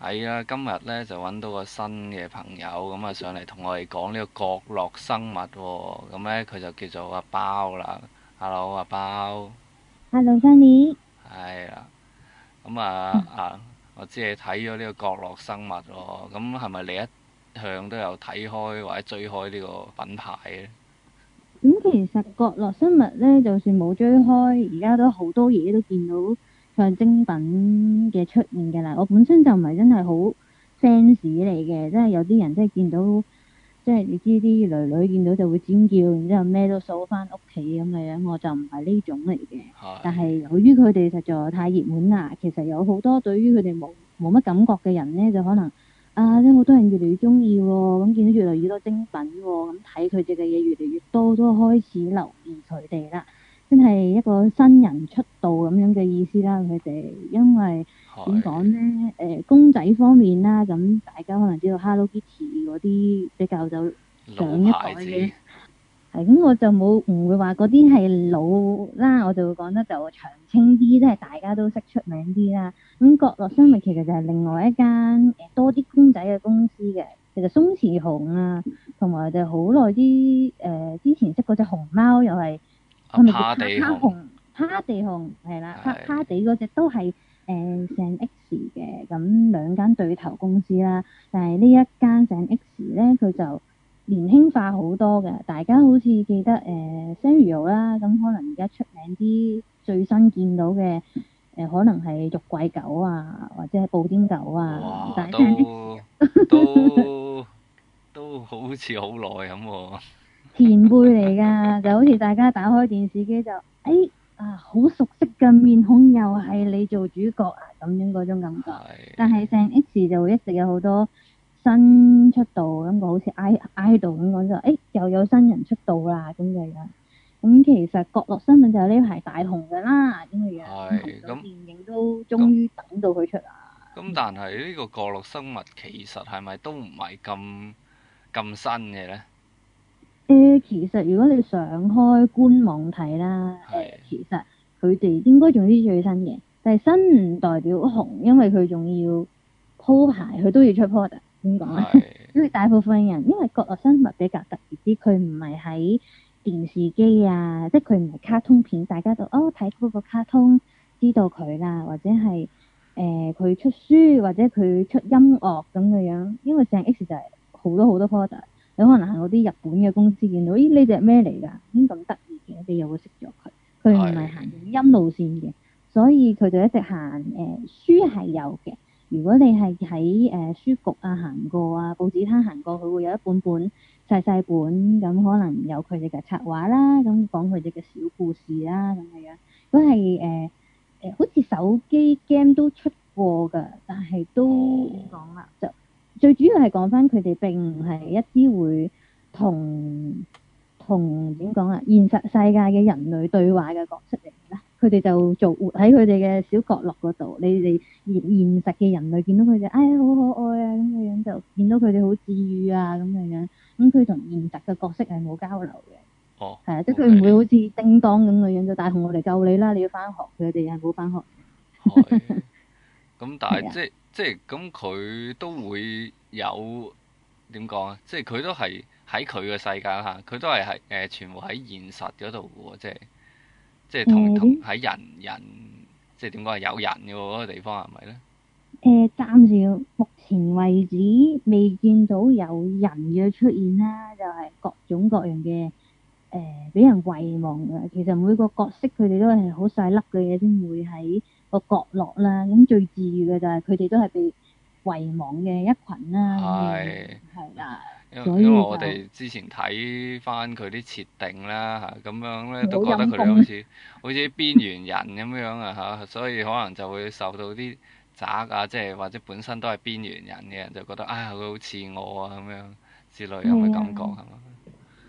係啊，今日咧就揾到個新嘅朋友，咁啊上嚟同我哋講呢個角落生物喎、哦。咁咧佢就叫做阿包啦。Hello，阿包。Hello，Sunny。係啊。咁啊 啊，我知你睇咗呢個角落生物喎、哦。咁係咪你一向都有睇開或者追開呢個品牌咧？咁其實角落生物咧，就算冇追開，而家都好多嘢都見到。像精品嘅出現嘅啦，我本身就唔係真係好 fans 嚟嘅，即係有啲人即係見到，即係你知啲女女見到就會尖叫，然之後咩都收返屋企咁嘅樣，我就唔係呢種嚟嘅。的但係由於佢哋實在太熱門啦，其實有好多對於佢哋冇冇乜感覺嘅人呢，就可能啊，啲好多人越嚟越中意喎，咁見到越嚟越多精品喎、哦，咁睇佢哋嘅嘢越嚟越多，都開始留意佢哋啦。真係一個新人出道咁樣嘅意思啦，佢哋因為點講是呢？誒、呃、公仔方面啦，咁大家可能知道 Hello Kitty 嗰啲比較就上一代嘅。係咁， 我就冇唔會話嗰啲係老啦，我就會講得就長青啲，即係大家都識出名啲啦。咁角落生物其實就係另外一間誒、呃、多啲公仔嘅公司嘅，其、就、實、是、鬆弛熊啊，同埋就好耐啲誒之前識嗰隻熊貓又係。我咪叫哈地紅，哈地紅係啦，哈地嗰的隻都係誒 San X 嘅，咁兩間對頭公司啦。但係呢一間 San X 咧，佢就年輕化好多嘅。大家好似記得誒、呃、Sanrio 啦，咁、嗯、可能而家出名啲最新見到嘅誒、呃，可能係玉桂狗啊，或者係布丁狗啊。哇但係 San X 都 都都好似好耐咁喎～ 前輩嚟噶，就好似大家打開電視機就，誒、哎、啊好熟悉嘅面孔，又係你做主角啊，咁樣嗰種感覺。是但係鄭 H 就會一直有好多新出道，咁個好似 I I 度咁講就，誒、哎、又有新人出道啦咁嘅樣。咁其實《角落新聞》就呢排大紅噶啦，咁嘅樣。係。咁電影都終於等到佢出啊。咁是但係呢個角落生物其實係咪都唔係咁咁新嘅呢？誒，其實如果你上開官網睇啦，是其實佢哋應該仲知最新嘅，但係新唔代表紅，因為佢仲要鋪排，佢都要出 product，點講咧？是因為大部分人因為國內新物比較特別啲，佢唔係喺電視機啊，即係佢唔係卡通片，大家都哦睇嗰個卡通知道佢啦，或者係誒佢出書或者佢出音樂咁嘅樣，因為成 X 就係好多好多 product。有可能行嗰啲日本嘅公司見到，咦呢隻咩嚟㗎？咁咁得意嘅，你又會識咗佢。佢唔係行影音路線嘅，所以佢就一直行誒、呃、書係有嘅。如果你係喺誒書局啊行過啊報紙攤行過，佢會有一本本細細本咁，可能有佢哋嘅策劃啦，咁講佢哋嘅小故事啦，咁係啊。佢係誒誒，好似手機 game 都出過㗎，但係都講啦、嗯、就。最主要係講翻佢哋並唔係一啲會同同點講啊，現實世界嘅人類對話嘅角色嚟啦。佢哋就做活喺佢哋嘅小角落嗰度。你哋現現實嘅人類見到佢哋，哎呀好可愛啊咁嘅樣，就見到佢哋好治愈啊咁嘅樣。咁佢同現實嘅角色係冇交流嘅。哦。係啊，即係佢唔會好似叮當咁嘅樣，就帶同我嚟救你啦，你要返學。佢哋又冇返學。係。咁但係即係。即係咁，佢都會有點講啊！即係佢都係喺佢嘅世界吓，佢都係喺誒，全部喺現實嗰度喎，即係即係同同喺人人，即係點講啊？有人嘅喎嗰個地方係咪咧？誒、呃，暫時目前為止未見到有人嘅出現啦，就係、是、各種各樣嘅誒，俾、呃、人遺忘嘅。其實每個角色佢哋都係好細粒嘅嘢先會喺個角落啦，咁最治癒嘅就係佢哋都係被遺忘嘅一群啦，係係啦，的所以因為我哋之前睇翻佢啲設定啦，嚇咁樣咧都覺得佢哋好似好似啲邊緣人咁樣 啊嚇，所以可能就會受到啲渣啊，即係或者本身都係邊緣人嘅人就覺得啊佢、哎、好似我啊咁樣之類咁嘅感覺咁。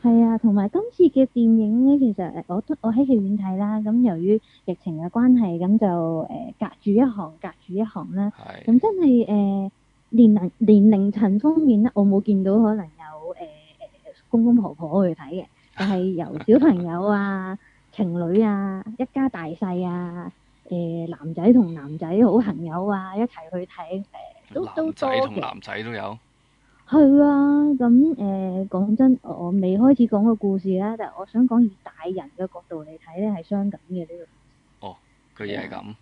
係啊，同埋今次嘅電影咧，其實誒，我都我喺戲院睇啦。咁由於疫情嘅關係，咁就誒隔住一行，隔住一行啦。係。咁真係誒年齡年齡層方面咧，我冇見到可能有誒誒公公婆婆去睇嘅，但係由小朋友啊、情侶啊、一家大細啊、誒男仔同男仔好朋友啊一齊去睇誒，都男仔同男仔都有。係啊，咁、嗯、誒講真，我未開始講個故事咧，但係我想講以大人嘅角度嚟睇咧，係傷感嘅呢個故事。哦，居然係咁。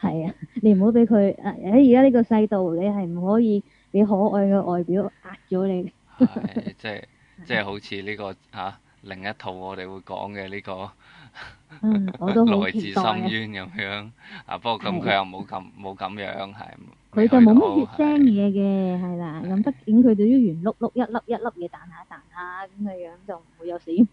係 啊，啊，你唔好俾佢誒而家呢個世道，你係唔可以俾可愛嘅外表壓咗你。係 ，即係即係好似呢、呢個嚇、啊、另一套我哋會講嘅呢個、 嗯。我都來自深淵咁樣， 樣，樣啊！不過咁佢又冇咁冇咁樣係。佢 就冇咩血腥嘢嘅，係啦。咁畢竟佢哋啲圓碌碌一粒一粒嘢彈下彈下咁嘅樣，就唔會有死亡、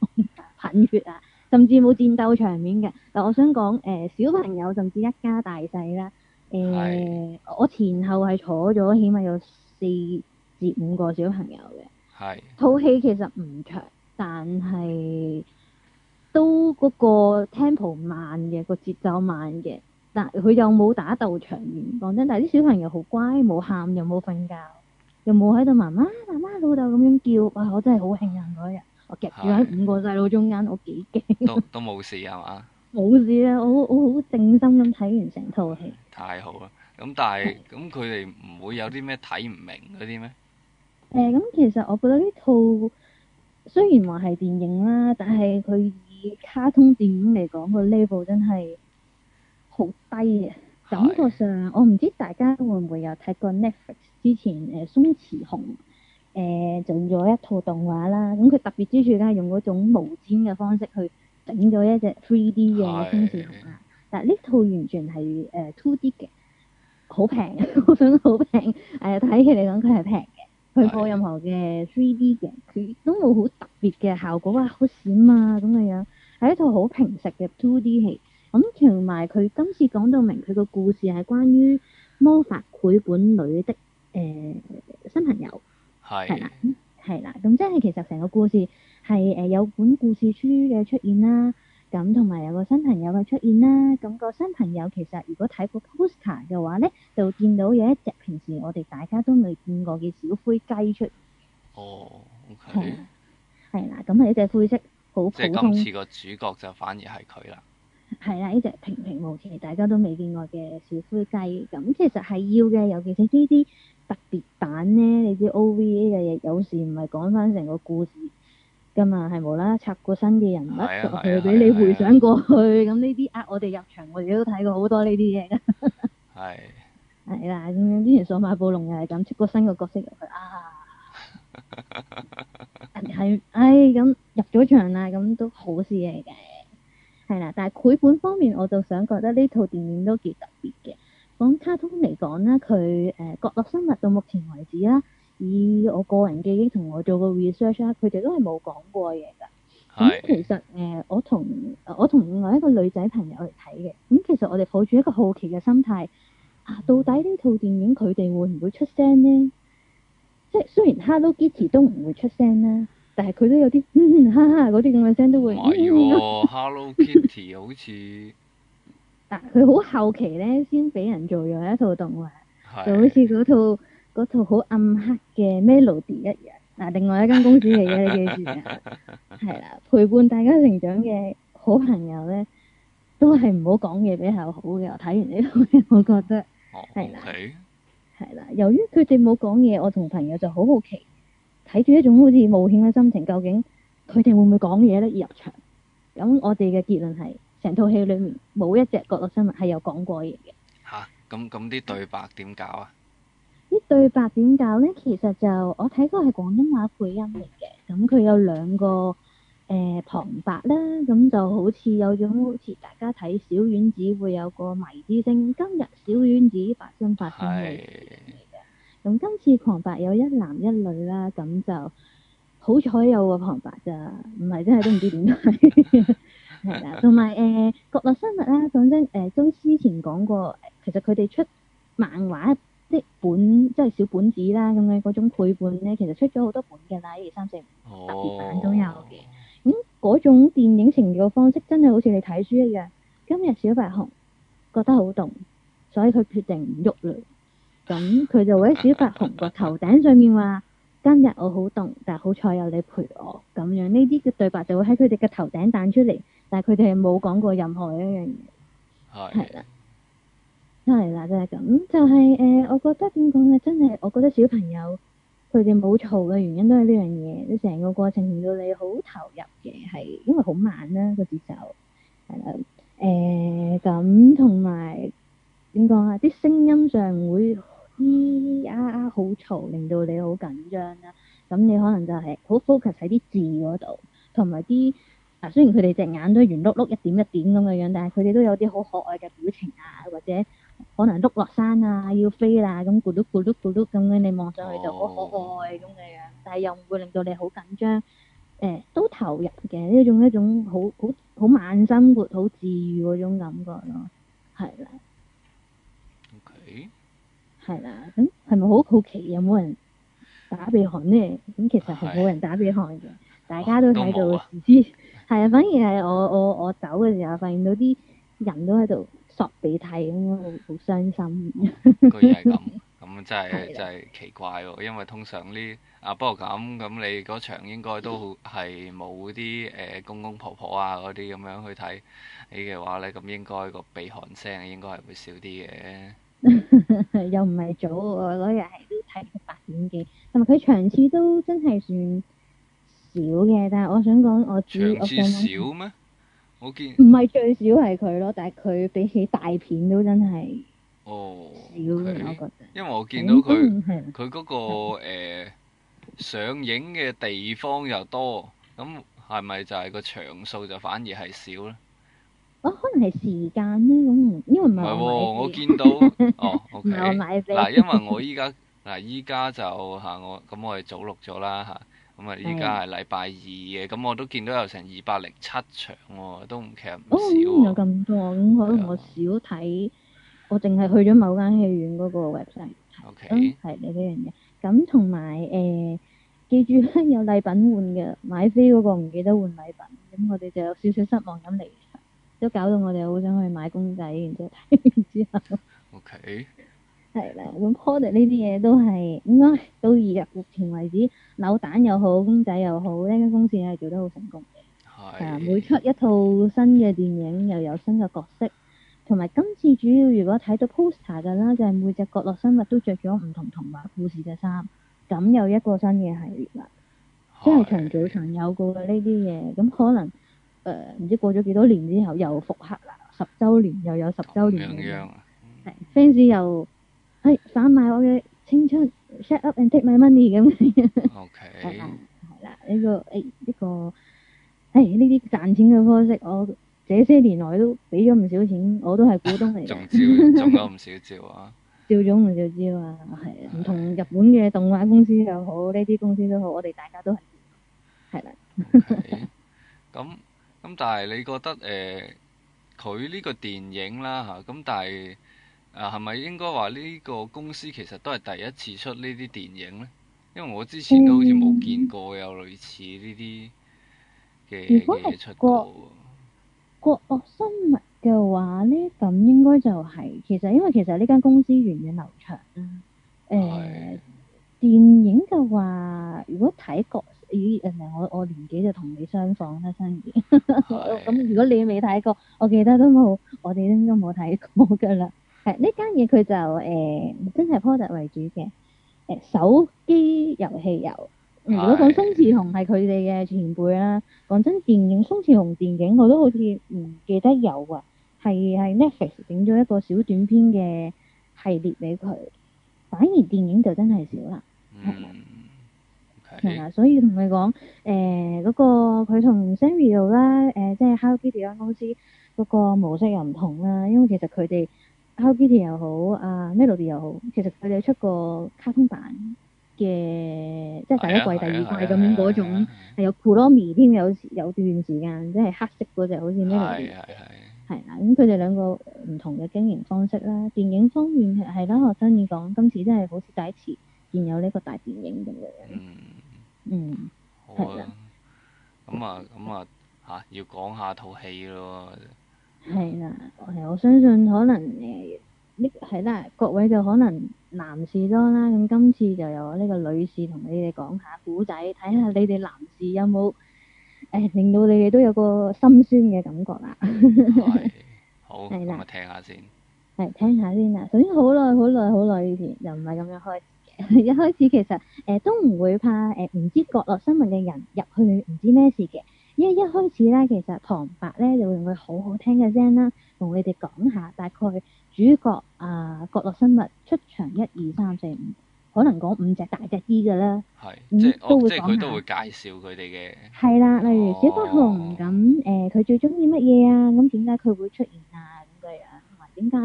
噴血啊，甚至冇戰鬥場面嘅。嗱，我想講誒、呃、小朋友甚至一家大細啦。誒、呃，的我前後係坐咗，起碼有四至五個小朋友嘅。係。套戲其實唔長，但係都個 tempo 慢嘅，個節奏慢嘅。佢又冇打鬥場面，講真，但係啲小朋友好乖，冇喊，又冇瞓覺，又冇喺度媽媽、媽媽、老豆咁樣叫。哇！我真係好慶幸嗰日，我夾住喺五個細佬中間的，我幾驚。都都冇事係嘛？冇事啊！我我好靜心咁睇完成套戲。太好啦！咁但係咁佢哋唔會有啲咩睇唔明嗰啲咩？誒、呃，咁其實我覺得呢套雖然話係電影啦，但係佢以卡通電影嚟講，佢呢部真係。好低嘅，感覺上，我唔知大家會唔會有睇過 Netflix 之前，誒鬆弛熊誒做咗一套動畫啦。咁、嗯、佢特別之處咧，係用嗰種毛氈嘅方式去整咗一隻 3D 嘅鬆弛熊啊。但係呢套完全係誒 2D 嘅，好、呃、平，我想好平誒睇起嚟講，佢係平嘅。佢冇、呃、任何嘅 3D 嘅，佢都冇好特別嘅效果閃啊，好閃啊咁嘅樣，係一套好平實嘅 2D 戲。咁同埋佢今次講到明，佢個故事係關於魔法繪本裡的誒、呃、新朋友，係啦是，係啦，咁即係其實成個故事係誒、呃、有本故事書嘅出現啦，咁同埋有個新朋友嘅出現啦，咁、那個新朋友其實如果睇過 poster 嘅話咧，就見到有一隻平時我哋大家都未見過嘅小灰雞出。哦、oh，OK 係啦，咁係一隻灰色，好即係今次個主角就反而係佢啦。係啦，呢隻平平無奇，大家都未見過嘅小灰雞。咁其實係要嘅，尤其是呢啲特別版咧，你知 O V A 嘅嘢有時唔係講翻成個故事噶嘛，係冇啦啦插個新嘅人物入去俾你回想過去。咁呢啲呃我哋入場，我哋都睇過好多呢啲嘢噶。係。 係啦，咁樣之前《數碼暴龍》又係咁出個新嘅角色入去啊，係， 唉、哎，咁入咗場啦，咁都好事嚟嘅。係啦，但係繪本方面我就想覺得呢套電影都幾特別嘅。講卡通嚟講咧，佢誒、呃、角落生物到目前為止啦，以我個人記憶同我做個 research 啦，佢哋都係冇講過嘢㗎。咁、嗯、其實誒、呃，我同我同另外一個女仔朋友嚟睇嘅，咁、嗯、其實我哋抱住一個好奇嘅心態，啊，到底呢套電影佢哋會唔會出聲呢？嗯，即係雖然 Hello Kitty 都唔會出聲啦。但係佢都有啲嗯哈哈嗰啲咁嘅聲都會。唔係喎，Hello Kitty 好似。嗱，佢好後期咧，先俾人做咗一套動畫，的就好似嗰套嗰套好暗黑嘅 Melody 一樣。嗱，另外一間公司嚟嘅，你記住。係啦， 陪伴大家成長嘅好朋友咧，都係唔好講嘢比較好嘅。我睇完呢套我覺得係啦，係啦、oh, okay?。由於佢哋冇講嘢，我同朋友就好好奇。睇住一種好似冒險嘅心情，究竟佢哋會唔會講嘢呢？入場咁，我哋嘅結論係，成套戲裡面冇一隻角落生物係有講過嘢嘅。嚇、啊！咁咁啲對白點搞啊？啲對白點搞呢？其實就我睇過係廣東話配音嚟嘅，咁佢有兩個誒、呃、旁白啦，咁就好似有種好似大家睇小丸子會有個迷之聲，今日小丸子發生發生。咁今次旁白有一男一女啦，咁就好彩有個、啊、旁白咋，唔係真係都唔知點解啦。同埋誒，角落生物咧，講、呃、真，誒都之前講過，其實佢哋出漫畫即本，即、就、係、是、小本子啦，咁樣嗰種繪本咧，其實出咗好多本嘅啦，一二三四五，特別版都有嘅。咁嗰、oh. 嗯、種電影情節嘅方式，真係好似你睇書一樣。今日小白熊覺得好凍，所以佢決定唔喐啦。咁佢、嗯、就會喺小白熊個頭頂上面話： 今日我好凍，但係好彩有你陪我。咁樣呢啲嘅對白就會喺佢哋嘅頭頂彈出嚟，但係佢哋係冇講過任何一樣嘢。係係啦，係啦的，真係咁，就係、是、誒、呃，我覺得點講咧？真係，我覺得小朋友佢哋冇嘈嘅原因都係呢樣嘢，你成個過程令到你好投入嘅，係因為好慢啦個節奏，係啦，誒，咁同埋點講啊？啲、嗯、聲音，音上會。咿咿呀啊好嘈，令到你好緊張啦、啊。咁、嗯、你可能就係好 focus 喺啲字嗰度，同埋啲啊雖然佢哋隻眼都圓碌碌、一點一點咁嘅樣，但係佢哋都有啲好可愛嘅表情啊，或者可能碌落山啊，要飛啦咁咕碌咕碌咕碌咁樣，你望上去就好可愛咁嘅樣。哦、但係又唔會令到你好緊張，誒、欸、都投入嘅呢種一種、一種好好好、好慢生活、好治愈嗰種感覺咯、啊，係啦。係啦，咁係咪好好奇有冇人打鼻鼾咧？咁其實係冇人打鼻鼾嘅，的大家都睇到，啊、唔知。係啊，反而係我我我走嘅時候，發現到啲人都喺度索鼻涕，咁樣好好傷心。 居然係咁，咁、嗯、真係的真係奇怪喎！因為通常呢，啊不過咁咁，那你嗰場應該都好係冇啲誒公公婆婆啊嗰啲咁樣去睇你嘅話咧，咁應該個鼻鼾聲應該係會少啲嘅。 又唔係早，我日係都睇八點幾，同埋佢場次都真係算少嘅。但係我想講，場次 我住至少咩？我見唔係最少係佢咯，但係佢比起大片都真係哦少，我覺得，因為我見到佢佢嗰個、呃、上映嘅地方又多，咁係咪就係個場數就反而係少呢？哦，可能係時間咧咁，因為唔係我買、 哦、我見到，哦，唔係 okay, 我買飛。嗱，因為我依家嗱依家就吓、啊，我，咁我哋早錄咗啦吓，咁啊依家係禮拜二嘅，咁的、嗯、我都見到有成二百零七場喎，都其實唔少喎、啊。哦、有咁多，咁可能我少睇， 我淨係去咗某間戲院嗰個 website OK，咁係呢樣嘢。咁同埋誒，記住有禮品換嘅買飛嗰個唔記得換禮品，咁我哋就有少少失望咁嚟。都搞到我哋好想去買公仔，然之後睇完之後。O Okay . K。係啦，咁 Polar 呢啲嘢都係應該到而家目前為止，扭蛋又好，公仔又好呢咧，間公司係做得好成功嘅。係。Hey. 啊，每出一套新嘅電影又有新嘅角色，同埋今次主要如果睇到 poster 嘅啦，就係、是、每隻角落生物都着咗唔同童話故事嘅衫，咁又一個新嘅系列啦。即係從早曾有過嘅呢啲嘢，咁可能。誒，唔知過咗幾多年之後又復刻啦，十周年又有十周年，係 fans 又誒販賣我嘅青春，shut up and take my money 咁，係啦，係啦呢個誒呢個誒呢啲賺錢嘅方式，我這些年來都俾咗唔少錢，我都係股東嚟，中招，中咗唔少招啊，照咗唔少招啊，係唔同日本嘅動畫公司又好，呢啲公司都好，我哋大家都係係啦，咁。咁、嗯、但係你覺得誒佢呢個電影啦嚇咁、啊、但係啊係咪應該話呢個公司其實都係第一次出呢啲電影呢？因為我之前都好似冇見過有類似呢啲嘅嘢出過喎。國樂生物嘅話呢，咁應該就係、係、其實因為其實呢間公司源遠、遠流長啦。誒、呃、的電影嘅話，如果睇國咦，誒我我年紀就同你相仿啦，生意。咁 如果你未睇過，我記得都冇，我哋應該冇睇過㗎啦。係呢間嘢佢就誒、呃、真係 product 為主嘅，誒、呃、手機遊戲有。如果講鬆弛熊係佢哋嘅前輩啦，講、哎、真電影鬆弛熊電影我都好似唔記得有啊，係係 Netflix 整咗一個小短片嘅系列俾佢，反而電影就真係少啦，係、嗯係啊，所以同你講誒嗰個佢同 Sanrio 啦，誒、呃，即係 Hello Kitty 嗰間公司嗰個模式又唔同啦。因為其實佢哋 Hello Kitty 又好，阿、啊、Melody 又好，其實佢哋出個卡通版嘅，即係第一季、第二季咁嗰種係、啊、有 Kuromi 添，有有段時間即係黑色嗰隻，好似 Melody 係係係、哎、啦呀。咁佢哋兩個唔同嘅經營方式啦。電影方面係係啦，何生意講今次真係好似第一次見有呢個大電影咁樣。 嗯，好啦。咁啊，咁的啊，吓、啊啊、要講下套戲咯。係啦，係我相信可能誒，呢係啦，各位就可能男士多啦。咁今次就由呢個女士同你哋講下古仔，睇下你哋男士有冇誒、欸、令到你哋都有個心酸嘅感覺啦。的 的好。係啦，我聽下先。係聽下先啦，首先，好耐好耐好耐以前，又唔係咁樣開。一開始，其實誒都唔會怕誒唔知角落生物嘅人入去唔知咩事嘅。因為一開始咧，其實旁白咧就會用佢好好聽嘅聲啦，同你哋講下大概主角啊、角落生物出場，一二三四五，可能講五隻大隻啲嘅啦，係即係即係佢都會介紹佢哋嘅。係啦，例如小花熊咁誒，佢最中意乜嘢啊？咁點解佢會出現啊？咁嘅啊，同埋點解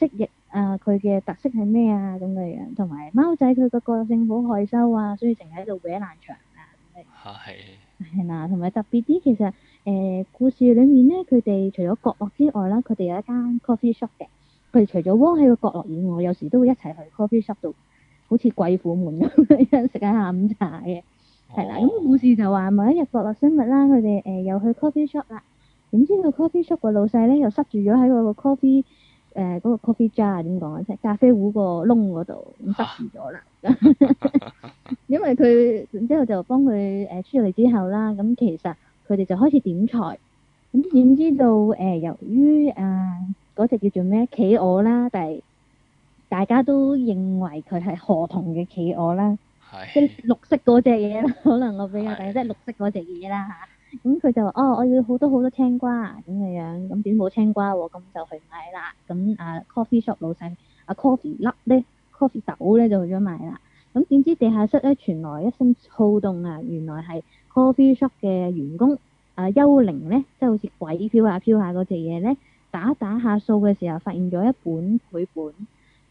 蜥蜴？啊，佢嘅特色係咩啊咁嘅樣，同埋貓仔佢個個性好害羞啊，所以淨喺度搲爛牆啊咁。吓係。係啦，同埋的特別啲，其實誒、呃、故事裏面咧，佢哋除咗角落之外啦，佢哋有一間 coffee shop 嘅。佢哋除咗窩喺個角落以外，有時都會一齊去 coffee shop 度，好似貴婦們咁樣食緊下午茶嘅。係啦，哦，咁故事就話某一日角落生物啦，佢哋誒又去 coffee shop 啦，點知個 coffee shop 個老細咧又塞住咗喺個 coffee。誒嗰、呃那個 coffee jar 點講咧，即係咖啡壺個窿嗰度咁失事咗啦。 因為佢然之後就幫佢誒、呃、出嚟之後啦，咁其實佢哋就開始點菜。咁、嗯、點、嗯、知道誒、呃，由於啊嗰隻叫做咩企鵝啦，但係大家都認為佢係河童嘅企鵝啦，的即係綠色嗰隻嘢啦。可能我比較大的即係綠色嗰隻嘢啦嚇。咁佢就話：哦，我要好多好多青瓜咁嘅樣，咁點冇青瓜喎、啊？咁就去買啦。咁啊，coffee shop 老細，啊 coffee 粒咧，coffee 豆咧，就去咗買啦。咁點知地下室咧傳來一聲躁動啊！原來係 coffee shop 嘅員工啊幽靈咧，即係好似鬼飄下、啊、飄下嗰隻嘢咧，打打下掃嘅時候發現咗一本繪本，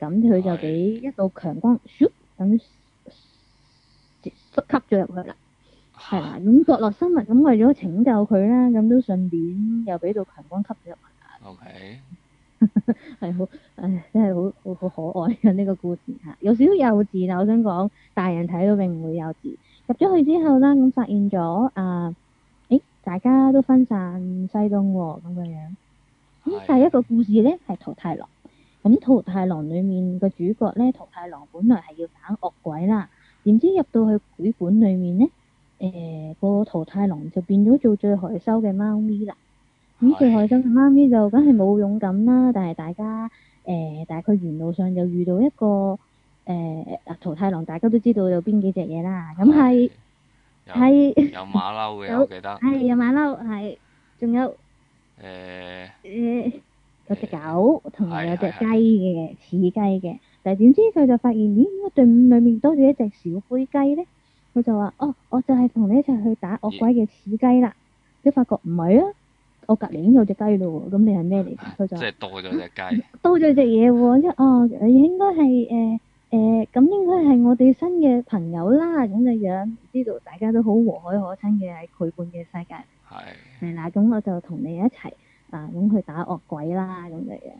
咁佢就俾一道強光，咻，咁吸吸咗入去啦。係啦，咁角落生物咁為咗拯救佢咧，咁都順便又俾到強光吸咗入嚟。O K，係好，唉、哎，真係好好好可愛嘅呢、這個故事嚇，有少少幼稚啦。我想講大人睇到並唔會幼稚。入咗去之後啦，咁發現咗啊，誒、呃，大家都分散西東喎咁嘅樣,樣。第一個故事咧係《桃太郎》。咁《桃太郎》裡面嘅主角咧，《桃太郎》本來係要打惡鬼啦，點知入到去鬼館裡面咧？誒，呃，那個桃太郎就變咗做最害羞嘅貓咪啦。咁最害羞嘅貓咪就梗係冇勇敢啦。但係大家，誒、呃，但係沿路上就遇到一個，誒、呃，嗱桃太郎大家都知道有邊幾隻嘢啦。咁係，係有馬騮嘅，我記得係有馬騮，係仲有誒，誒，有隻狗同埋有隻雞嘅，似雞嘅。但係點知佢就發現，咦，個隊伍裏面多咗一隻小灰雞咧？佢就話：哦，我就係同你一齊去打惡鬼嘅死雞啦。你耶發覺唔係啊？我隔籬已經有隻雞啦，咁你係咩嚟？佢就即係多咗隻雞。多咗隻嘢，一哦，你應該係誒誒，咁、呃呃、應該係我哋新嘅朋友啦。咁嘅樣，知道大家都好和藹可親嘅喺繪本嘅世界。係是。係啦，咁我就同你一齊啊，咁、嗯、去打惡鬼啦。咁嘅樣，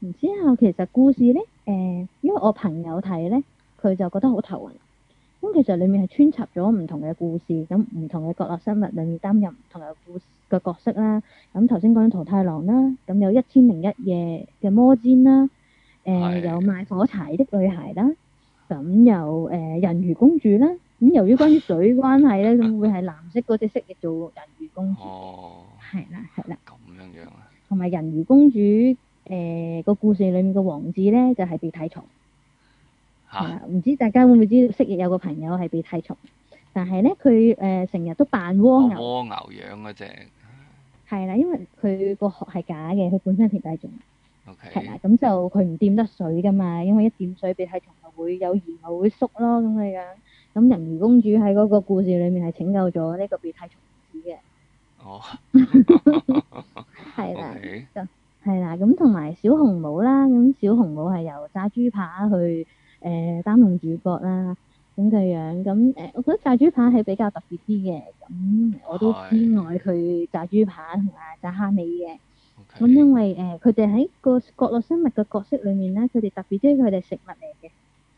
然之後其實故事咧，誒、呃，因為我朋友睇咧，佢就覺得好頭暈。咁其實裏面係穿插咗唔同嘅故事，咁唔同嘅角落生物裏面擔任唔同嘅故嘅角色啦。咁頭先講到桃太郎啦，咁有一千零一夜嘅魔毯啦，誒、呃、的有賣火柴的女孩啦，咁有誒、呃、人魚公主啦。咁由於關於水關係咧，咁 會係藍色嗰隻蜥蜴做人魚公主。哦。係啦，係啦。咁樣樣啊。同埋人魚公主誒個、呃、故事裏面嘅王子咧，就係被睇藏。唔、啊、知大家會唔會知蜥蜴有個朋友係鼻涕蟲，但係呢，佢誒成日都扮蝸牛。蝸牛樣嗰隻。係啦，因為佢個殼係假嘅，佢本身係鼻涕蟲。O K。係啦，咁就佢唔掂得水㗎嘛，因為一掂水，鼻涕蟲就會有鹽就會縮咯咁樣。咁人魚公主喺嗰個故事裡面係拯救咗呢個鼻涕蟲嘅。哦。係啦。O K。就係啦，咁同埋小紅帽啦，咁小紅帽係由炸豬扒去誒擔任主角啦，咁嘅樣，咁、嗯、誒、呃，我覺得炸豬排係比較特別啲嘅，咁、嗯、是我都偏愛佢炸豬排同埋炸蝦味嘅。咁 Okay.、嗯、因為誒，佢哋喺個角落生物嘅角色裏面咧，佢哋特別中意佢哋食物嚟嘅。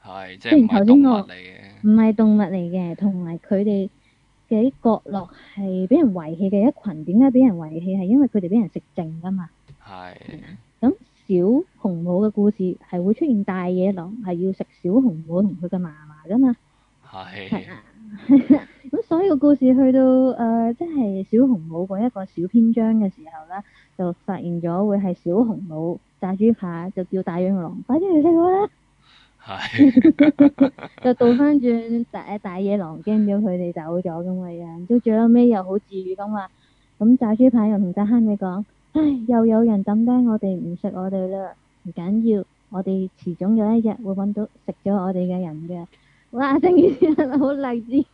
係，即係頭先我嚟嘅。唔係動物嚟嘅，同埋佢哋嘅角落係俾人遺棄嘅一群。點解俾人遺棄？係因為佢哋俾人食剩㗎嘛。係是。咁。嗯嗯嗯嗯嗯嗯嗯嗯小紅帽嘅故事係會出現大野狼，係要食小紅帽同佢嘅嫲嫲噶嘛？係的。係啊。咁所以個故事去到誒，即、呃、係小紅帽嗰一個小篇章嘅時候咧，就發現咗會係小紅帽炸豬扒就叫大，狼大，、呃、大野狼，快啲嚟食我啦！係。就倒翻轉大大野狼驚咗佢哋走咗咁嘅樣，到最尾又好治愈咁話，咁炸豬扒又同炸蝦尾講。唉，又有人抌低我哋唔食我哋啦，唔緊要，我哋遲總有一日會搵到食咗我哋嘅人嘅。哇，成件事好勵志，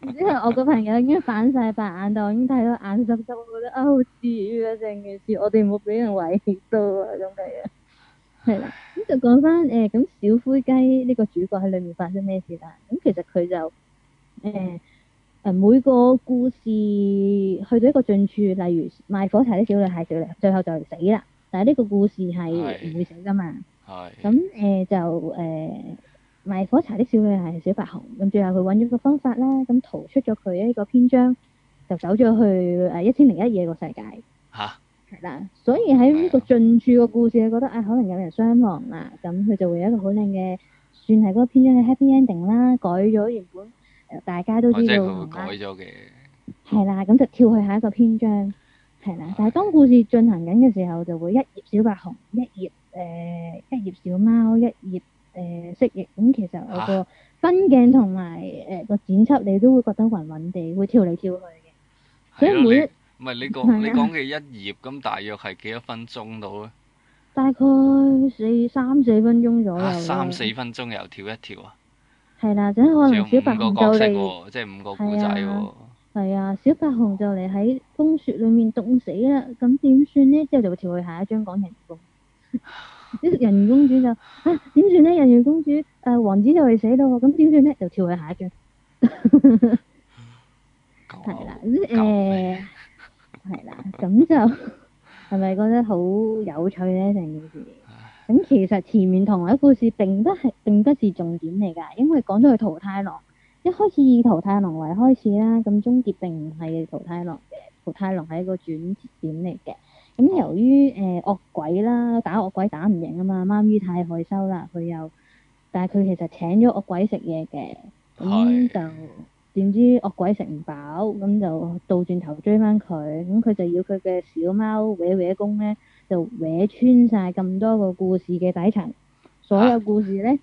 然之後我個朋友已經反晒白眼，就已經睇到眼濕濕，我覺得啊，好治愈啊，成件事，我哋冇俾人遺棄到啊，咁嘅樣。係啦，咁就講翻誒，咁、 嗯呃、小灰雞呢個主角喺裏面發生咩事啦？咁其實佢就誒。呃嗯誒，每個故事去到一個盡處，例如賣火柴的小女孩少最後就死啦。但係呢個故事係唔會死噶嘛。係的。咁誒、嗯呃、就誒、呃、賣火柴的小女孩係小發紅，咁、嗯、最後佢搵咗個方法咧，咁逃出咗佢呢個篇章，就走咗去誒一千零一夜個世界。吓、啊。係啦，所以喺呢個盡處個故事，你覺得啊可能有人傷亡啦，咁、嗯、佢、嗯嗯、就會有一個好靚嘅，算係嗰個篇章嘅 Happy Ending 啦，改咗原本。大家都知道，改咗嘅，係啦，咁就跳去下一個篇章，係啦。但係當故事進行緊嘅時候，就會一頁小白熊，一頁誒，一頁小貓，一頁誒蜥蜴。咁其實我個分鏡同埋誒個剪輯，你都會覺得暈暈哋，會跳嚟跳去嘅。所以每一，唔係你講你講嘅一頁，咁大約係幾多分鐘到咧？大概四三四分鐘左右。三四分鐘又跳一跳啊？係啦，即係可能小白熊就嚟，係啊，係啊，小白熊就嚟喺風雪裏面凍死啦，咁點算呢？之後就會跳去下一張講人魚公。啲人魚公主就，啊，點算呢？人魚公主，誒，王子就嚟死咯，咁點算呢？就跳去下一張。係啦，咁誒，係啦，咁就係咪覺得好有趣呢？成件事？咁其實前面同位故事並唔係並唔係重點嚟㗎，因為講到去桃太郎，一開始以桃太郎為開始啦，咁終結並唔係桃太郎，桃太郎係一個轉折點嚟嘅。咁由於誒、呃、惡鬼啦，打惡鬼打唔贏啊嘛，貓咪太害羞啦，佢又，但係佢其實請咗惡鬼食嘢嘅，咁的、嗯、就點知惡鬼食唔飽，咁就倒轉頭追翻佢，咁佢就要佢嘅小貓搲搲公咧。惹惹就歪穿晒咁多個故事嘅底層，所有故事咧，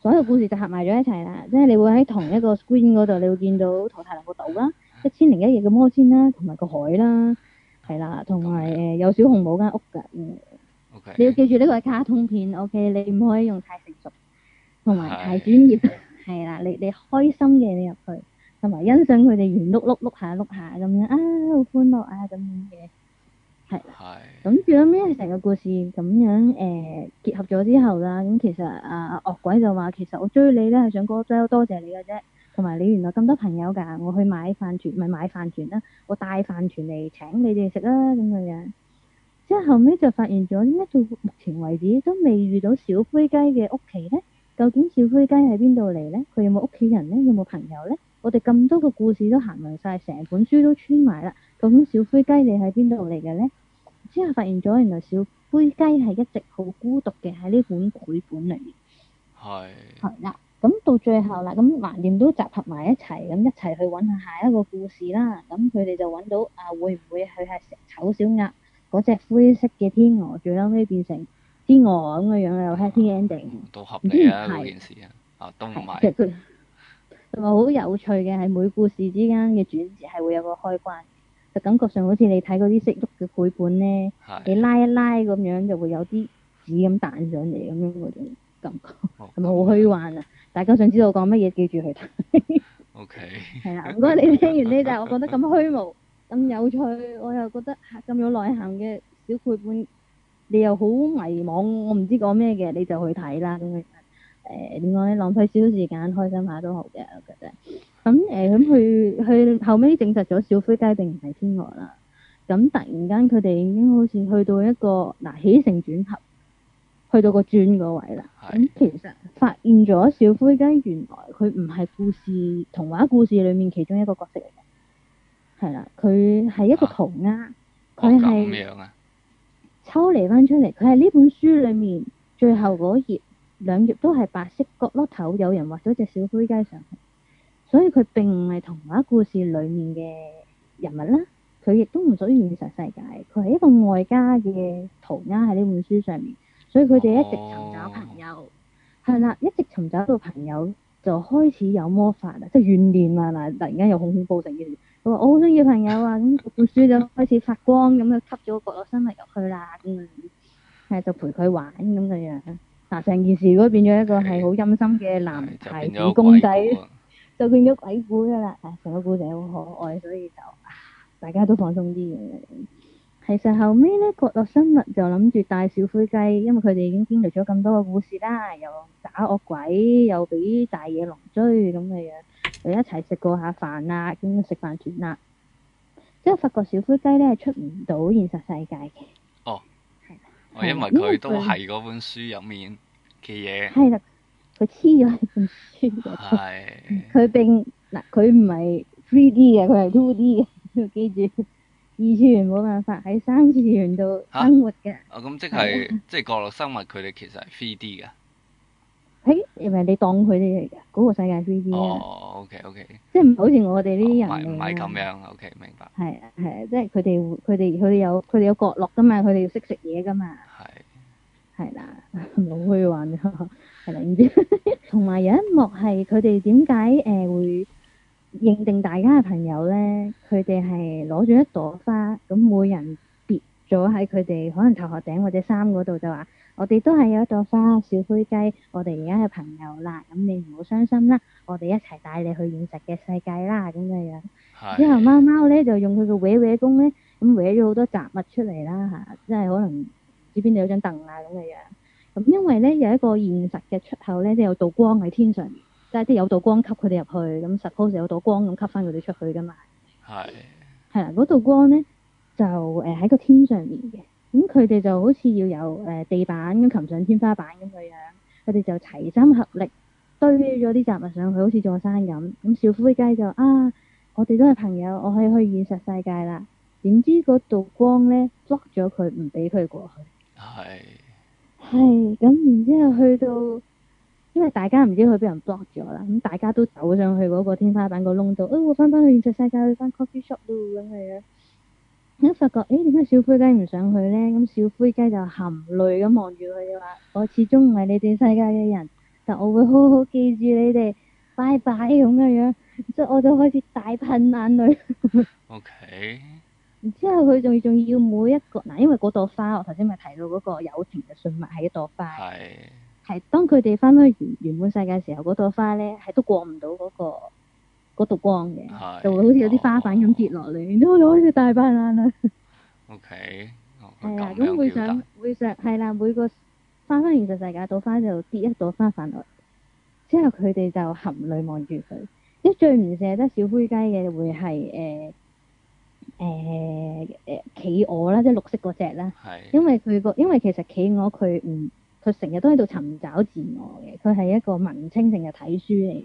所有故事就合埋咗一齊啦。即係你會喺同一個 screen 嗰度，你會見到《桃太郎個島》啦， 《一千零一夜》嘅魔仙啦，同埋個海啦，係啦，同埋誒有小紅帽間屋㗎。Okay，你要記住呢個係卡通片，okay，你唔可以用太成熟同埋太專業。係啦、 啊，你你開心嘅你入去，同埋欣賞佢哋圓碌碌碌下碌下咁樣啊，好歡樂啊咁樣嘅。係，咁咁尾成個故事咁樣誒、呃、結合咗之後啦，咁其實阿惡、啊、鬼就話，其實我追你咧係想哥多謝，謝你嘅啫，同埋你原來咁多朋友噶，我去買飯糰咪買飯糰啦，我帶飯糰嚟請你哋食啦咁樣樣，即係後尾就發現咗，點解到目前為止都未遇到小灰雞嘅屋企咧？究竟小灰雞喺邊度嚟咧？佢有冇屋企人咧？有冇朋友咧？我哋咁多個故事都行埋晒，成本書都穿埋啦。究竟小灰雞你喺邊度嚟嘅咧？之後發現咗，原來小灰雞係一直好孤獨嘅喺呢本繪本裏面。係是。係啦，咁到最後啦，咁橫掂都集合埋一齊，咁一齊去揾下下一個故事啦。咁佢哋就揾到啊，會唔會佢係醜小鴨嗰隻灰色嘅天鵝？最後尾變成天鵝咁嘅樣又，有 happy ending。都合理啊，嗰 是件事啊，啊都唔係。係咪好有趣嘅？係每故事之間嘅轉折係會有個開關，就感覺上好似你睇嗰啲色慾嘅繪本咧，的你拉一拉咁樣就會有啲紙咁彈上嚟咁樣嗰種感覺，係咪好虛幻啊？大家想知道講乜嘢，記住去睇。 O Okay . K。係啦，如果你聽完呢、這、就、個，我覺得咁虛無，咁有趣，我又覺得咁有內涵嘅小繪本，你又好迷惘，我唔知講咩嘅，你就去睇啦咁嘅。誒，點講咧？浪費少少時間，開心下都好嘅，我覺得。咁誒，咁佢佢後尾證實咗小灰雞並唔係天鵝啦。咁突然間，佢哋已經好似去到一個嗱起承轉合，去到個轉嗰位啦。咁其實發現咗小灰雞，原來佢唔係故事童話故事裏面其中一個角色嚟嘅。係啦，佢係一個塗鴉。塗鴉。咁樣啊！抽離翻出嚟，佢係呢本書裏面最後嗰頁。兩頁都係白色角落頭，有人畫咗隻小灰雞上去，所以佢並唔係童話故事裡面嘅人物啦。佢亦都唔屬於現實世界，佢係一個外加嘅塗鴉喺呢本書上面。所以佢哋一直尋找朋友，係啦、哦，一直尋找到朋友就開始有魔法啦，即係怨念啊嗱，突然間又恐恐怖成件，佢話我好想要朋友啊，咁本書就開始發光咁去吸咗個角落生物入去啦，咁、嗯、啊，係就陪佢玩咁嘅樣。嗱，成、啊、件事如果變咗一個係好陰森嘅男孩子公仔， 就變咗鬼故噶啦。成個 故仔好、哎、可愛，所以就大家都放鬆啲嘅。其實 後尾呢，角落生物就諗住帶小灰雞，因為佢哋已經經歷咗咁多個故事啦，又打惡鬼，又俾大野狼追咁嘅樣，又一齊食過下飯啊，咁食飯完啦，即係發覺小灰雞呢係出唔到現實世界嘅。因為佢都係嗰本書入面嘅嘢。係啦，佢黐咗喺本書嗰度。係 的。佢並嗱佢唔係 three D 嘅，佢係 two D 嘅。要 記住，二次元冇辦法喺三次元度生活嘅。哦、啊，咁、啊嗯、即係的即係角落生物，佢哋其實係 three D 嘅。係，係咪你當佢哋嚟嗰個世界 three D 哦，OK，OK。Okay, okay 即係唔好似我哋呢啲人唔係咁樣，OK，明白。係啊係啊，即係佢哋佢哋佢哋有佢哋有角落㗎嘛，佢哋要識食嘢㗎嘛。係啦，冇去玩咯，係咪先？同埋有一幕係佢哋點解誒會認定大家係朋友咧？佢哋係攞住一朵花，咁每人別咗喺佢哋可能頭殼頂或者衫嗰度，就話：我哋都係有一朵花，小灰雞，我哋而家係朋友啦。咁你唔好傷心啦，我哋一齊帶你去現實嘅世界啦。咁樣樣， 之後貓貓咧就用佢個搲搲功咧，咁搲咗好多雜物出嚟啦。吓、啊，即係可能。指邊度有張凳啊咁嘅樣，咁、嗯、因為咧有一個現實嘅出口咧，即係有道光喺天上，即係啲有道光吸佢哋入去，咁 suppose 有道光咁吸翻佢哋出去噶嘛。係的。係啦，嗰道光咧就誒喺、呃、個天上面嘅，咁佢哋就好似要有誒、呃、地板咁擒上天花板咁嘅樣，佢哋就齊心合力堆咗啲雜物上去，好似座山咁。咁、嗯、小灰雞就啊，我哋都係朋友，我可以去現實世界啦。點知嗰道光咧捉咗佢，唔俾佢過去。係，係是，咁、嗯、然之後去到，因為大家唔知佢俾人 block 咗啦，咁、嗯、大家都走上去嗰個天花板個窿度，哦，翻返去現實世界，去翻 coffee shop 度。咁樣，咁發覺，誒，點解小灰雞唔上去呢？咁、嗯、小灰雞就含淚咁望住佢話，我始終唔係你哋世界嘅人，但我會好好記住你哋，拜拜咁嘅樣，即係我就開始大噴眼淚。O K。然之後佢仲仲要每一個嗱、啊，因為嗰朵花，我頭先咪提到嗰個友情嘅信物係一朵花，係是當佢哋翻翻原原本世界嘅時候，嗰朵花咧係都過唔到嗰個嗰道光嘅，是就會好似有啲花瓣咁跌落嚟，哦、然後好似大班爛啦。O K，係啊，咁會,的會想，會想，係啦、啊，每個翻翻現實世界朵花就跌一朵花瓣落，之後佢哋就含淚望住佢，一最唔捨得小灰雞嘅會係誒。呃誒、呃呃、企鵝啦，即係綠色嗰隻啦，的因為佢個，因為其實企鵝佢唔，佢成日都喺度尋找自我嘅，佢係一個文青成日睇書嚟嘅，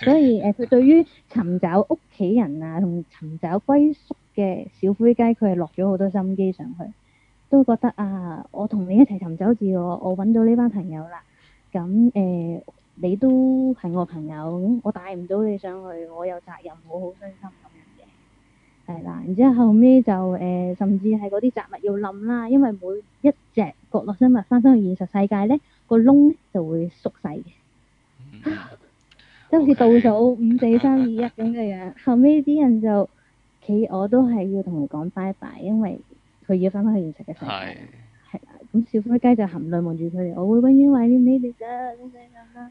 的所以誒，佢、呃、對於尋找屋企人啊，同尋找歸宿嘅小灰雞，佢係落咗好多心機上去，都覺得啊，我同你一齊尋找自我，我揾到呢班朋友啦，咁誒、呃，你都係我朋友，我帶唔到你上去，我有責任，我好傷心。然之後後尾就誒、呃，甚至係嗰啲雜物要冧啦，因為每一隻角落生物翻返去現實世界咧，個窿就會縮細嘅，即係好似倒數五、四、三、二、一咁嘅樣,樣。後尾啲人就企我都係要同佢講拜拜，因為佢要翻返去現實嘅世界。係 Yes.，咁小烏雞就含淚望住佢哋，我會永遠愛你哋㗎咁樣啦。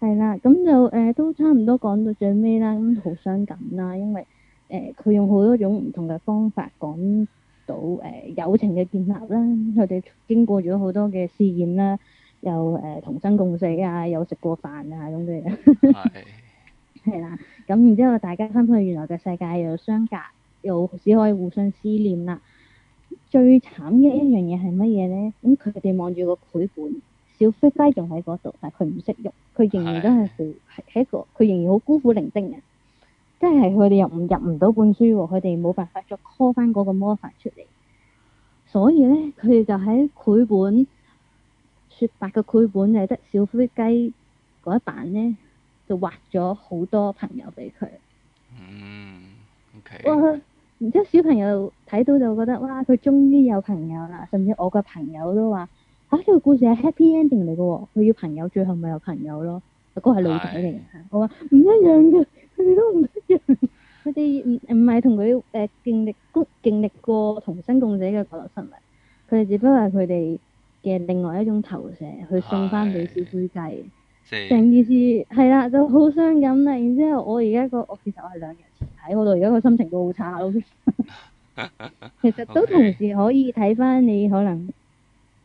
係啦，咁就誒、呃、都差唔多講到最尾啦，咁好傷感啦，因為。誒佢、呃、用好多種唔同嘅方法講到誒、呃、友情嘅建立啦，佢哋經過咗好多嘅試驗啦，又誒、呃、同生共死啊，又食過飯啊咁嘅，係係 是 啦，咁、嗯、然之後大家翻返去原來嘅世界又相隔，又只可以互相思念啦。最慘嘅一樣嘢係乜嘢咧？咁佢哋望住個繪本，小飛雞仲喺嗰度，但係佢唔識喐，佢仍然都係係係一個，佢是仍然好孤苦伶仃嘅。即係佢哋又唔入唔到本書，佢哋冇辦法再 call 翻嗰個魔法出嚟，所以咧，佢哋就喺繪本《雪白》嘅繪本就得小灰雞嗰一版咧，就畫咗好多朋友俾佢。嗯，O K。Okay. 哇！然之後小朋友睇到就覺得哇，佢終於有朋友啦。甚至我嘅朋友都話：吓呢個故事係 Happy Ending 嚟嘅，佢要朋友，最後咪有朋友咯。嗰個係女仔嚟嘅，我話唔一樣嘅。佢哋都唔一樣。佢哋唔唔係同佢誒經歷過經歷過同生共死嘅角落生物，佢哋只不過係佢哋嘅另外一種投射，去送翻俾小灰雞。成的件事係啦，就好傷感啦。然之後我而家個我其實我係兩日前睇嗰度，而家個心情都好差咯。其實都 Okay. 同時可以睇翻你可能誒、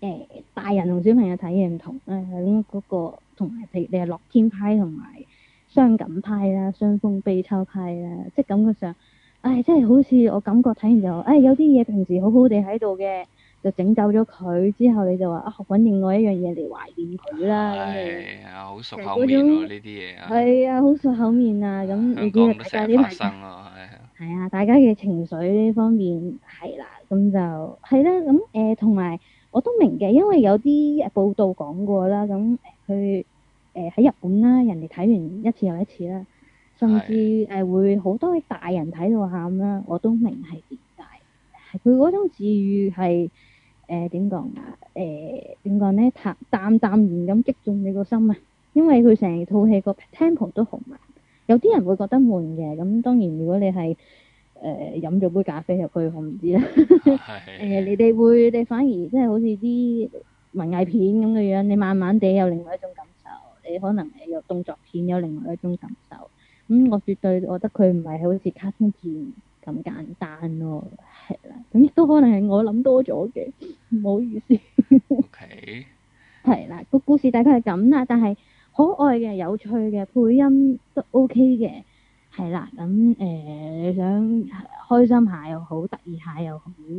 呃、大人同小朋友睇嘢唔同啦，響、嗯、嗰、嗰個同埋譬如你係樂天派同埋。傷感派啦，傷風悲秋派啦，即感覺上，唉，真係好似我感覺睇完就，唉，有啲嘢平時好好地喺度嘅，就整走咗佢之後，你就話啊，揾另外一樣嘢嚟懷念佢啦。係啊，好熟口面呢啲嘢。啊，係啊，好熟口面啊，咁你哋嘅啲。產生咯，係啊。大家嘅情緒呢方面係啦，咁就係啦，咁誒同埋我都明嘅，因為有啲報道講過啦，咁佢。誒喺、呃、日本啦，人哋睇完一次又一次啦，甚至誒是的、呃、會好多大人睇到喊啦，我都明係點解。佢嗰種治癒係誒點講啊？誒點講咧？淡淡然咁擊中你個心啊！因為佢成套戲個 tempo 都好慢、啊，有啲人會覺得悶嘅。咁當然如果你係誒飲咗杯咖啡入去，我唔知啦。誒是的、 呃、你哋會你反而即係好似啲文藝片咁嘅樣,樣，你慢慢哋有另外一種感覺。你可能誒有動作片有另外一種感受，咁我絕對覺得佢唔係好似卡通片咁簡單咯，係啦、啊，咁亦都可能係我諗多咗嘅，唔好意思。O K。係啦，個故事大概係咁啦，但係可愛嘅、有趣嘅，配音都 O K 嘅，係啦、啊，咁你、呃、想開心下又好，得意下又好，誒、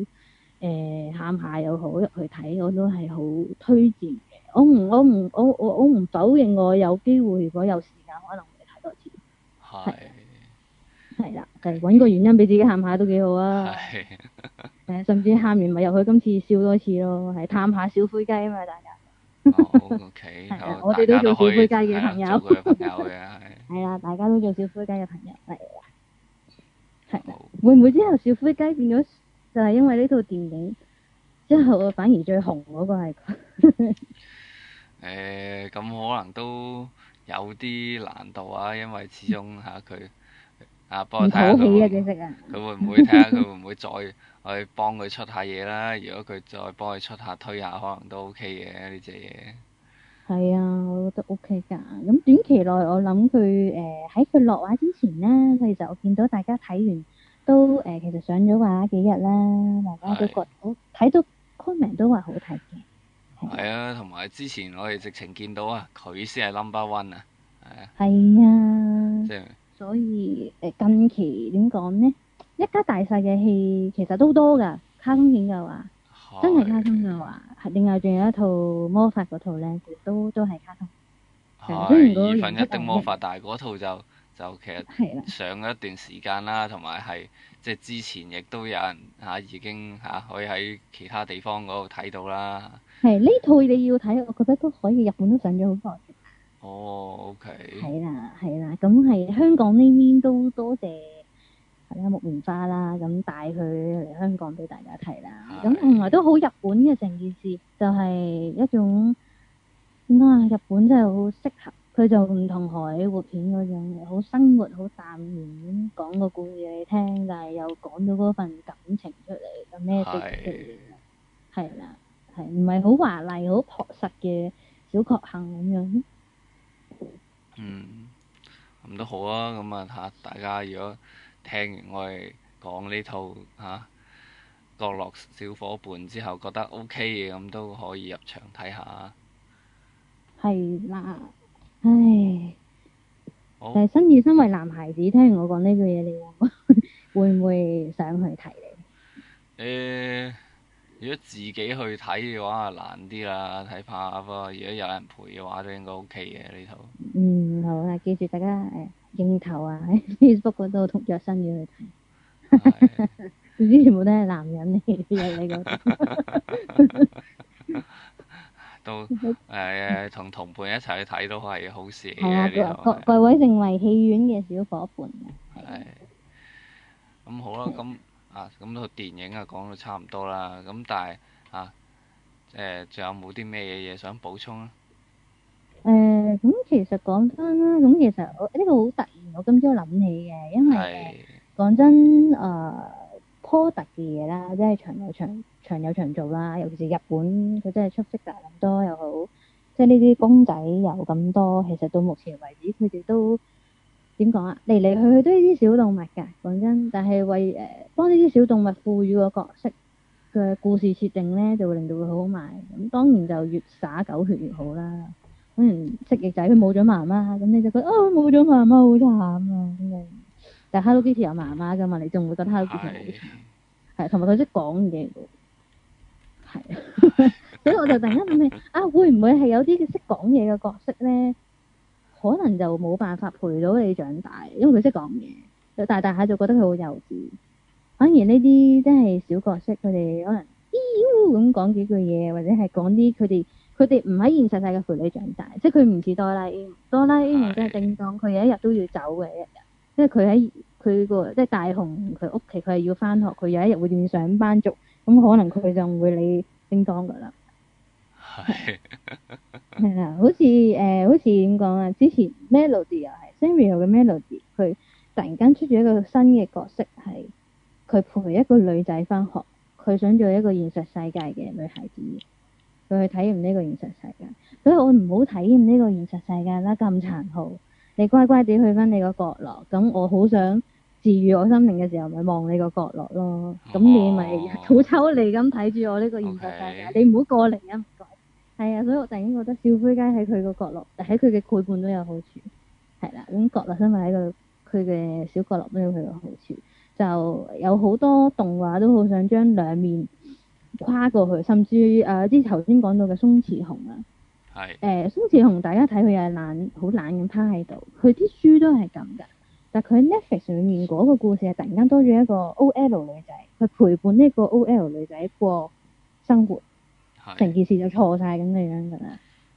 呃、喊下又好，入去睇我都係好推薦。我唔我唔我我我唔否認我有機會，如果有時間可能會睇多次。係係啦，誒，搵個原因俾自己喊下都幾好啊。誒的， 甚至喊完咪入去今次笑多次咯，係探下小灰雞啊嘛，大家。O K。係啊，我哋都做小灰雞嘅朋友。有嘅係。係啊，大家都做小灰雞嘅朋友嚟。係。 會唔會之後小灰雞變咗就係因為呢套電影之後反而最紅嗰個係佢？ 誒，咁可能都有啲難度啊，因為始終吓佢啊，幫我睇下佢會唔會，佢會唔會睇下佢會唔會再去幫佢出下嘢啦，如果佢再幫佢出下推下，可能都 OK 嘅呢隻嘢。係啊，我覺得 OK 噶咁短期內我諗佢誒喺佢落畫之前咧，其實我見到大家睇完都誒，其實上咗畫幾日啦，大家都覺好睇到 comment 都話好睇嘅。係啊，同埋之前我哋直情見到啊，佢先係 number one 啊，係啊。係啊。即係。所以誒，近期點講呢？一家大細嘅戲其實都多㗎，卡通片嘅話，真係卡通嘅話，係另外仲有一套魔法嗰套咧，都都係卡通。係，二分一的魔法，但係嗰套就。就其實上一段時間啦，同埋係即係之前亦都有人吓、啊，已經吓、啊，可以喺其他地方嗰度睇到啦。係呢套你要睇，我覺得都可以，日本都上咗好耐，哦，OK。係啦，係啦，咁係香港呢邊都多謝係啦木棉花啦，咁帶佢嚟香港俾大家睇啦。咁原來都好日本嘅成件事，就係一種點講啊？日本真係好適合。佢就唔同海活片嗰種嘅，好生活，好淡然咁講個故事你聽，但係又講咗嗰份感情出嚟，咁咩特殊？係啦是，係唔係好華麗，好樸實嘅小確幸咁樣？嗯，咁都好啊，咁啊吓大家如果聽完我哋講呢套吓，角、啊、落小夥伴之後覺得 O K 嘅，咁都可以入場睇下。係啦。唉，誒新宇，身為男孩子，聽完我講呢句嘢你會唔會想去睇你誒、呃，如果自己去睇嘅話，就難啲啦，睇怕不過；如果有人陪嘅話，都應該 OK 嘅呢套。嗯，好啦，記住大家誒鏡、呃、頭啊，喺 Facebook 嗰度同着新宇去睇，總 是 之全部都係男人嚟嘅 都誒、 呃、同同伴一齊去睇都係好事嘅。啊是各，各位成為戲院嘅小夥伴。係的。咁的好啦，咁的啊，咁套電影啊講到差唔多啦。咁但係啊，誒，仲有冇啲咩嘢嘢想補充啊？誒、呃，咁其實講翻啦，咁其實我呢個好突然，我今朝諗起嘅，因為講的真啊，頗突嘅嘢啦，即係長有長。長有長做啦，尤其是日本佢真係出色大，就咁多又好，即係呢啲公仔有咁多，其實到目前為止佢哋都點講啊？嚟嚟去去都係啲小動物㗎，講真。但係為誒、呃、幫呢啲小動物賦予個角色嘅故事設定咧，就會令到佢好好賣。咁當然就越灑狗血越好啦。可能蜥蜴仔佢冇咗媽媽，咁你就覺得啊冇咗媽媽好慘啊！咁但係 Hello Kitty 有媽媽㗎嘛？你仲會覺得 Hello Kitty 好慘？係、 哎，同埋佢識講嘢。 所以我就突然間諗起，啊會唔會係有啲識講嘢嘅角色咧，可能就冇辦法陪到你長大，因為佢識講嘢。就大大下就覺得佢好幼稚，反而呢啲真係小角色，佢哋可能咦？咁講幾句嘢，或者係講啲佢哋佢哋唔喺現實世界陪你長大，即係佢唔似哆啦 A，哆啦 A 夢真係正當佢有一日都要走嘅一日，即係佢喺佢個即係大雄佢屋企，佢係要返學，佢有一日會變上班族。咁、嗯、可能佢就唔會理叮當噶啦，係啦， 好似誒、呃，好似點講啊？之前 Melody 又係 Sanrio 嘅 Melody，佢突然間出咗一個新嘅角色，係佢陪一個女仔翻學，佢想做一個現實世界嘅女孩子，佢去體驗呢個現實世界，所以我唔好體驗呢個現實世界啦，咁殘酷，你乖乖哋去翻你個角落，咁、嗯、我好想。治愈我心靈嘅時候，咪、就是、望你個角落咯。咁、oh, 你咪好抽離咁睇住我呢個現實世界，Okay. 你唔好過嚟啊！係啊，所以我突然間覺得小灰雞喺佢個角落，喺佢嘅陪伴都有好處。係啦，咁角落真係喺佢佢嘅小角落都有佢嘅好處。就有好多動畫都好想將兩面跨過去，甚至誒，啲頭先講到嘅鬆弛熊啊，係誒的、呃，鬆弛熊大家睇佢又係懶，好懶咁趴喺度，佢啲書都係咁噶。但佢喺 Netflix 上面嗰個故事係突然間多咗一個 OL 女仔，佢陪伴呢個 OL 女仔過生活，成是的 件事就錯曬咁嘅樣㗎，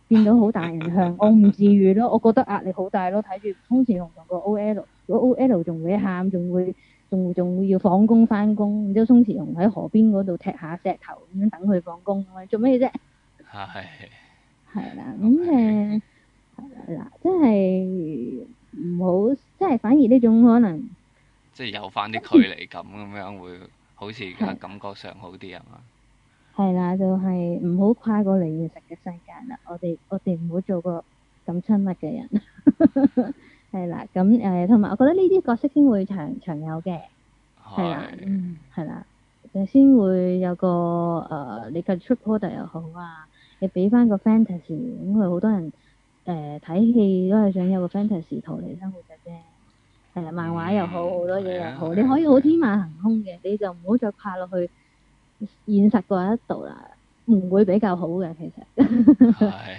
變到好大影響。我唔至於咯，我覺得壓力好大咯。睇住鬆弛熊同個 OL，如果 OL 仲會喊，仲會仲仲要放工翻工，然之後鬆弛熊喺河邊嗰度踢下石頭咁樣等佢放工，做咩啫？係係啦，咁誒係啦，即係唔好。 即係反而呢種可能，即係有翻啲距離感咁樣，會好似而家感覺上好啲是吧啊嘛。係啦，就係唔好跨過現實嘅世界啦。我哋我哋唔好做個咁親密嘅人。係 啦、啊，咁誒同埋我覺得呢啲角色先會長長有嘅，係啦、啊，是嗯係啦，啊就係、先會有個誒、呃、你嘅出 plot 又好啊，你俾翻個 fantasy，咁佢好多人誒睇、呃、戲都係想有個 fantasy 逃離生活嘅啫。漫畫又好，好多嘢又好，你可以好天馬行空嘅，你就唔好再跨落去現實嗰一度啦，唔會比較好嘅其實係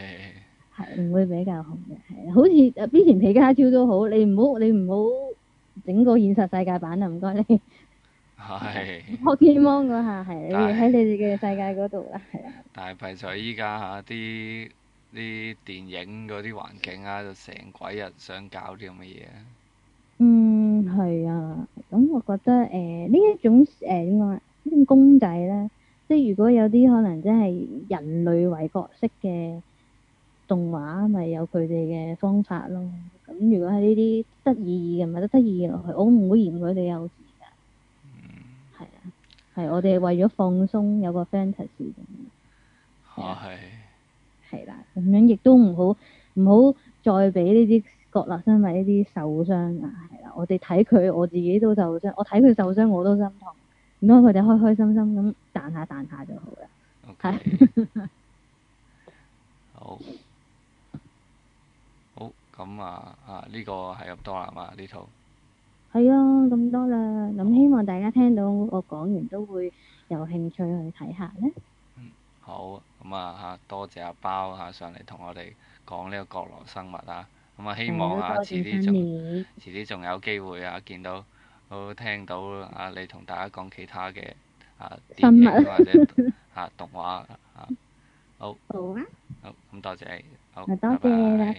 係唔會比較好嘅，係好似之前皮卡丘都好，你唔好你唔好整個現實世界版啊！唔該你係破天荒嗰下係喺你哋嘅世界嗰度啦，係啊！但係弊在依家啲啲電影嗰啲環境啊，就成鬼日想搞啲咁嘅嘢。係啊，咁、嗯、我覺得誒呢、呃、一種誒點講呢種公仔咧，即係如果有啲可能真係人類為角色嘅動畫，咪有佢哋嘅方法咯。咁如果係呢啲得意嘅，咪得得意嘅落去，我唔會嫌佢哋幼稚㗎。嗯，係啊，係我哋為咗放鬆，有個 fantasy 咁。哦、啊，係、啊。係啦、啊，咁樣亦都唔好唔好再俾呢啲。角落生物呢啲受傷啊，係啦，我哋睇佢，我自己都受傷。我睇佢受傷，我都心痛。唔通，佢哋開開心心咁彈下彈下就好啦。O K。好。好，咁啊啊，呢、這個係咁多啦嘛，呢套。係啊，咁多啦。咁希望大家聽到我講完都會有興趣去睇下呢、嗯。好。咁啊吓，多謝阿包吓、啊、上嚟同我哋講呢個角落生物啊。咁啊，希望啊，遲啲仲遲啲仲有機會啊，見到，都、哦、聽到啊，你同大家講其他嘅啊，電影物或者啊動畫啊，好，好，啊、好，咁多謝你，好，拜拜。拜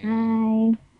拜。